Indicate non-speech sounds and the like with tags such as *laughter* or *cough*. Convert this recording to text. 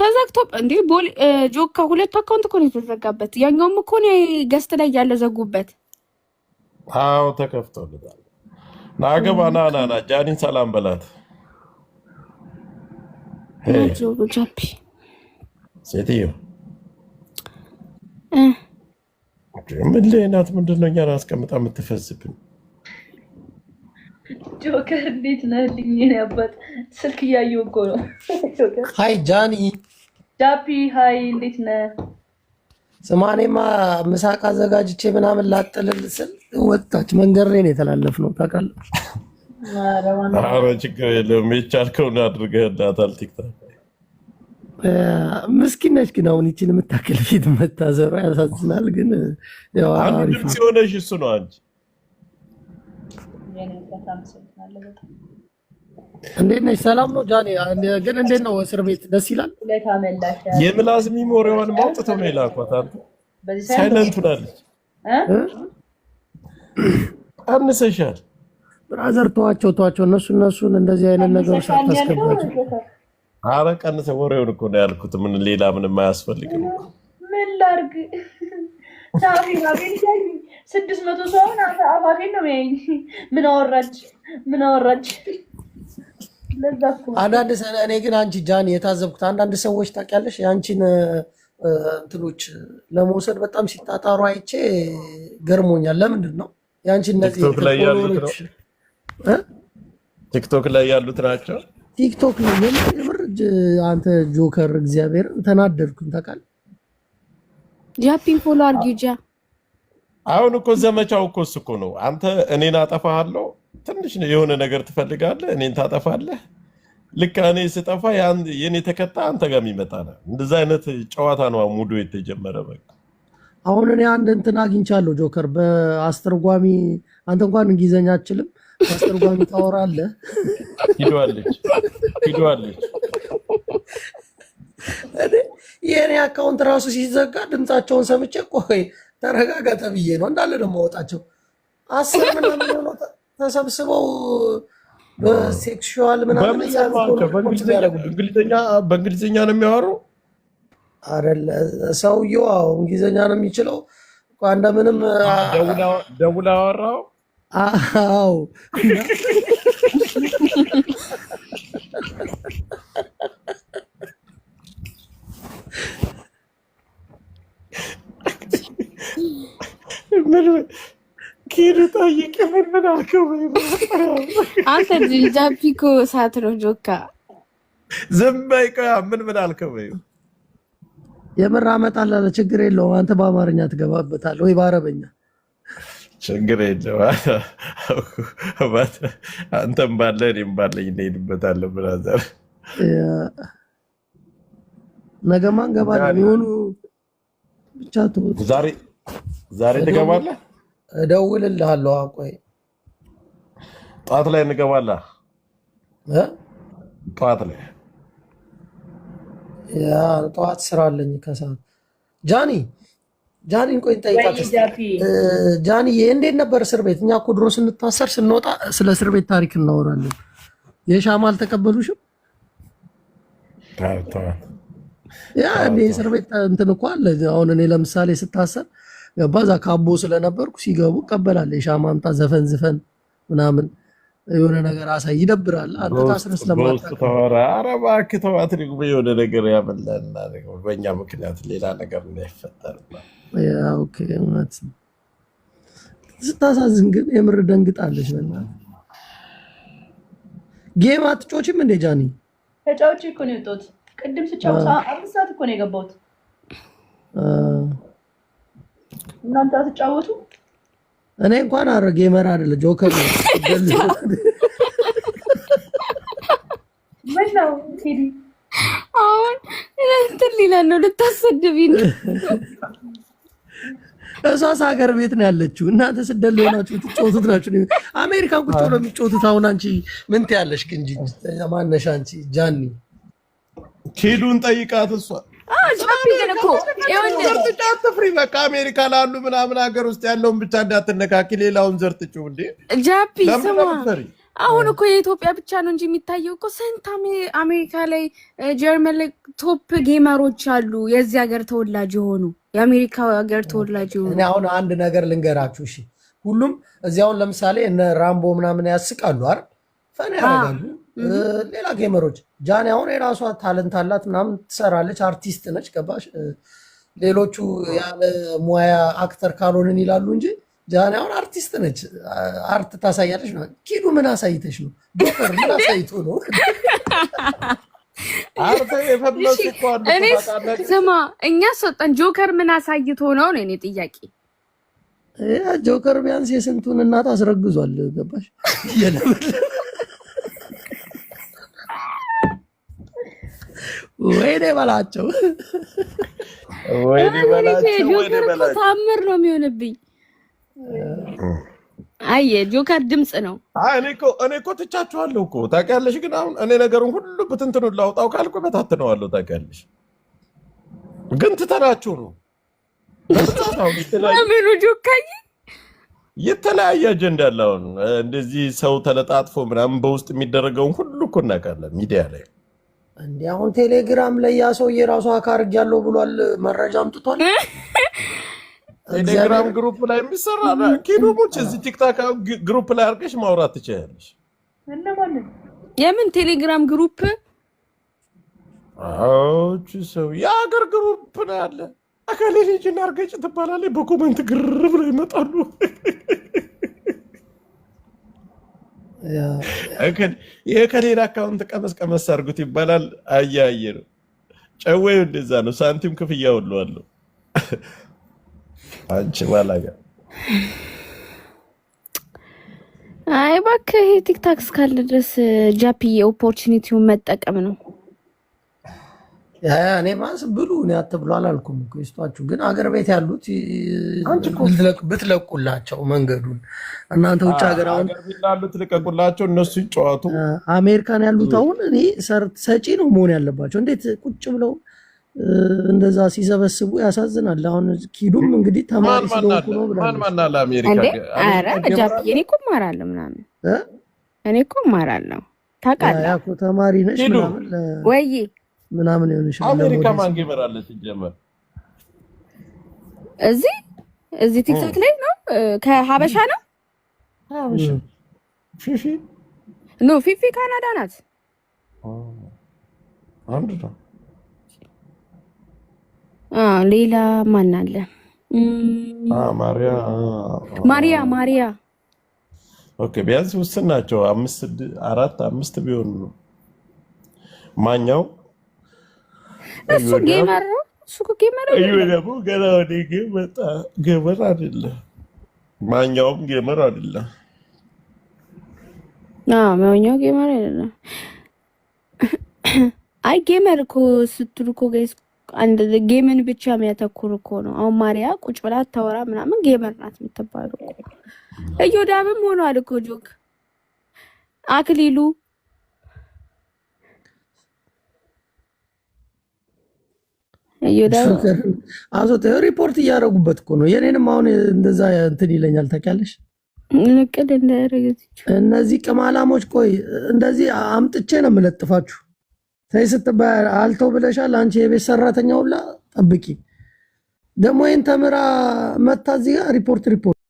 ተዘግቶ እንዴ ቦል ጆካ ሁለቱ አካውንት እኮ ነው የተዘጋበት። ያኛውም እኮ ገስት ላይ ያለ ዘጉበት። አዎ ተከፍቶልታል። ና ና ና ና ጃኒን ሰላም በላት። ሴትዮ ምን ላይ ናት? ምንድነው እኛን አስቀምጣ የምትፈዝብን? ጆከር እንዴት ነህልኝ? የእኔ አባት ስልክ እያየሁ እኮ ነው። ሀይ ጃኒ ጃፒ ሀይ፣ እንዴት ነህ? ጽማኔማ ምሳቅ አዘጋጅቼ ምናምን ላጥልል ስል ወጣች። መንገድ ላይ ነው የተላለፍነው ታውቃለህ። ኧረ ችግር የለውም የቻልከውን አድርገህላታል። ቲክታክ ምስኪን ነች ግን አሁን ይችን የምታክል ፊት መታዘሩ ያሳዝናል። ግን ሲሆነሽ እሱ ነው አንቺ እንዴት ነሽ? ሰላም ነው ጃኒ። ግን እንዴት ነው እስር ቤት ደስ ይላል? የምላስ ሚሞሪዋን ማውጥተው ነው የላኳት አሉ። ሳይለንት ሆናለች። ቀንሰሻል። ብራዘር ተዋቸው፣ ተዋቸው። እነሱ እነሱን እንደዚህ አይነት ነገሮች አታስገባቸው። አረ ቀንሰ ወሬውን እኮ ነው ያልኩት። ምን ሌላ ምንም አያስፈልግም። ምን ላርግ ላድርግ ስድስት መቶ ሰው አሁን አፋፌን ነው የሚያየኝ። ምን አወራች ምን አወራች? አንዳንድ እኔ ግን አንቺ ጃኒ የታዘብኩት አንዳንድ ሰዎች ታውቂያለሽ፣ የአንቺን እንትኖች ለመውሰድ በጣም ሲጣጣሩ አይቼ ገርሞኛል። ለምንድን ነው የአንቺ እነዚህ ቲክቶክ ላይ ያሉት ናቸው? ቲክቶክ የምር አንተ ጆከር፣ እግዚአብሔር ተናደድኩኝ። ታውቃለህ ጃፒን ፎሎ አርጊ አሁን እኮ ዘመቻው እኮ እሱ እኮ ነው። አንተ እኔን አጠፋሃለሁ ትንሽ የሆነ ነገር ትፈልጋለህ፣ እኔን ታጠፋለህ። ልክ እኔ ስጠፋ የኔ ተከታ አንተ ጋር የሚመጣ ነው። እንደዛ አይነት ጨዋታ ነው ሙዶ የተጀመረ። በቃ አሁን እኔ አንድ እንትን አግኝቻለሁ ጆከር፣ በአስተርጓሚ አንተ እንኳን እንግሊዘኛ አችልም፣ በአስተርጓሚ ታወራለህ። ሂደዋለች ሂደዋለች። የእኔ አካውንት ራሱ ሲዘጋ ድምፃቸውን ሰምቼ ቆይ ተረጋጋ ተብዬ ነው እንዳለ ደግሞ ወጣቸው አስር ምናምን ተሰብስበው በሴክሹዋል በእንግሊዝኛ ነው የሚያወሩ አይደለ? ሰውየው እንግሊዝኛ ነው የሚችለው። እንደምንም ደውላ አወራው። አንተ ጃፒ እኮ እሳት ነው። ጆካ ዝም በይ። ቆይ ምን ምን አልከው? በይ የምር አመጣልህ ችግር የለውም አንተ በአማርኛ ትገባበታለህ ወይ በአረበኛ ችግር የለውም። አንተም ባለ እኔም ባለኝ እንሄድበታለን። ብራዘር ነገማ እንገባለን የሆኑ ብቻ ዛሬ ትገባለህ? እደውልልሃለሁ። ቆይ ጠዋት ላይ እንገባለ ጠዋት ላይ ጠዋት ስራ አለኝ። ከሰዓት ጃኒ ጃኒን ቆይ እንጠይቃት። ጃኒ እንዴት ነበር እስር ቤት? እኛ እኮ ድሮ ስንታሰር ስንወጣ ስለ እስር ቤት ታሪክ እናወራለን። የሻማ አልተቀበሉሽም? ያ እንደ እስር ቤት እንትን እኮ አለ። አሁን እኔ ለምሳሌ ስታሰር ገባ እዛ ካቦ ስለነበርኩ ሲገቡ እቀበላለሁ። የሻማ አምጣ ዘፈን ዝፈን ምናምን የሆነ ነገር አሳይ ይደብራል። አንተ ታስረህ ተዋት ደግሞ የሆነ ነገር ያበላልና በእኛ ምክንያት ሌላ ነገር እንዳይፈጠር ስታሳዝን ግን የምር ደንግጣለች። በእናትህ ጌም አትጮችም እንደ ጃኒ ተጫውቼ እኮ ነው የወጣሁት። ቅድም ስጫወት አምስት ሰዓት እኮ ነው የገባሁት። እናንተ አትጫወቱ። እኔ እንኳን አረ ጌመር አይደለ ጆከር ነው። ምን ነው ቴዲ አሁን እንትን ሊለን ነው ልታሰድቢን? እሷስ ሀገር ቤት ነው ያለችው። እናንተ ስደል ሆናችሁ ትጮቱት ናችሁ። አሜሪካን ቁጭ ብሎ የሚጫወቱት አሁን አንቺ ምን ትያለሽ? ግንጂ ማነሽ አንቺ ጃኒ ቴዱን ጠይቃት እሷ አትፍሪ። በቃ አሜሪካ ላሉ ምናምን ሀገር ውስጥ ያለውን ብቻ እንዳትነካኪ፣ ሌላውን ጃፒ ስማ፣ አሁን እኮ የኢትዮጵያ ብቻ ነው እንጂ የሚታየው እኮ ስንት አሜሪካ ላይ ጀርመን ላይ ቶፕ ጌመሮች አሉ፣ የዚህ ሀገር ተወላጅ የሆኑ የአሜሪካ ሀገር ተወላጅ የሆኑ። እኔ አሁን አንድ ነገር ልንገራችሁ እሺ። ሁሉም እዚያውን ለምሳሌ እነ ራምቦ ምናምን ያስቃሉ አይደል? ፈን ያደርጋሉ ሌላ ጌመሮች ጃኒ አሁን የራሷ ታለንት አላት ምናምን ትሰራለች፣ አርቲስት ነች። ገባሽ? ሌሎቹ ያለ ሙያ አክተር ካልሆንን ይላሉ እንጂ ጃኒ አሁን አርቲስት ነች። አርት ታሳያለች። ኪዱ ምን አሳይተች ነው? ዶክተር ምን አሳይቶ ነው? *laughs* ስማ እኛ ሰጠን ጆከር ምን አሳይቶ ነው ነው እኔ ጥያቄ። ጆከር ቢያንስ የስንቱን እናት አስረግዟል። ገባሽ? *laughs* የለምለም ወይኔ በላቸው ሳምር ነው የሚሆንብኝ። አየ ጆከር ድምፅ ነው። እኔ እኮ ትቻችኋለሁ እኮ ታውቂያለሽ። ግን አሁን እኔ ነገሩን ሁሉ ብትንትኑ ላውጣው ካልኩ በታትነዋለሁ ታውቂያለሽ። ግን ትተናችሁ ነው ምኑ የተለያየ አጀንዳ አለ። አሁን እንደዚህ ሰው ተለጣጥፎ ምናምን በውስጥ የሚደረገውን ሁሉ እኮ እናውቃለን ሚዲያ ላይ እንዲ አሁን ቴሌግራም ላይ ያ ሰው የራሱ አካርግ ያለው ብሏል። መረጃ አምጥቷል። *laughs* ቴሌግራም ግሩፕ ላይ የሚሰራ ኪዱቦች እዚህ ቲክታክ ግሩፕ ላይ አድርገሽ ማውራት ትችላለሽ። የምን ቴሌግራም ግሩፕ? አዎች ሰው የአገር ግሩፕ ላይ አለ። አካሌ ልጅ እናርገጭ ትባላለች። በኮመንት ግር ብለው ይመጣሉ። *laughs* ከሌላ አካውንት ቀመስ ቀመስ አድርጉት ይባላል። አያየ ነው ጨወዩ እንደዛ ነው። ሳንቲም ክፍያ ሁሉ አለው። አንቺ ባላጋ አይ እባክህ ቲክታክ እስካለ ድረስ ጃፒ የኦፖርቹኒቲውን መጠቀም ነው። እኔ ማስ ብሉ እኔ አትብሉ አላልኩም። ስጧችሁ ግን አገር ቤት ያሉት ብትለቁላቸው መንገዱን እናንተ ውጭ ሀገር አሁን ላሉት ልቀቁላቸው፣ እነሱ ይጫወቱ። አሜሪካን ያሉት አሁን እኔ ሰጪ ነው መሆን ያለባቸው። እንዴት ቁጭ ብለው እንደዛ ሲሰበስቡ ያሳዝናል። አሁን ኪዱም እንግዲህ ተማሪ ስለሆንኩ ነው ብላለች። አሜሪካ እኔ እኮ እማራለሁ ምናምን እኔ እኮ እማራለሁ ታውቃለህ፣ ተማሪ ነሽ ምናምን ወይ ምናምን ሆን ይችላል። አሜሪካ ማን ጌመር አለ ሲጀመር እዚህ እዚህ ቲክቶክ ላይ ነው። ከሀበሻ ነው ፊፊ ኖ ፊፊ ካናዳ ናት። አንድ ነው። ሌላ ማን አለ? ማሪያ ማሪያ ኦኬ። ቢያንስ ውስን ናቸው። አምስት አራት አምስት ቢሆን ነው ማኛው እሱ ጌመር ነው። እሱ ጌመር ደግሞ ገና ወደ ጌመጣ ጌመር አይደለም። ማኛውም ጌመር አይደለም። ማኛው ጌመር አይደለም። አይ ጌመር እኮ ስትሉ እኮ ጋይስ አንድ ጌምን ብቻ የሚያተኩር እኮ ነው። አሁን ማሪያ ቁጭ ብላ አታወራ ምናምን ጌመር ናት የምትባሉ እኮ እዮዳብም ሆኗል እኮ ጆክ አክሊሉ አዞት ሪፖርት እያደረጉበት እኮ ነው። የኔንም አሁን እንደዛ እንትን ይለኛል ታውቂያለሽ። እነዚህ ቅማላሞች ቆይ እንደዚህ አምጥቼ ነው የምለጥፋችሁ። ተይ ስትባይ አልተው ብለሻል። አንቺ የቤት ሰራተኛ ሁላ ጠብቂ ደግሞ ይህን ተምራ መታ እዚህ ሪፖርት ሪፖርት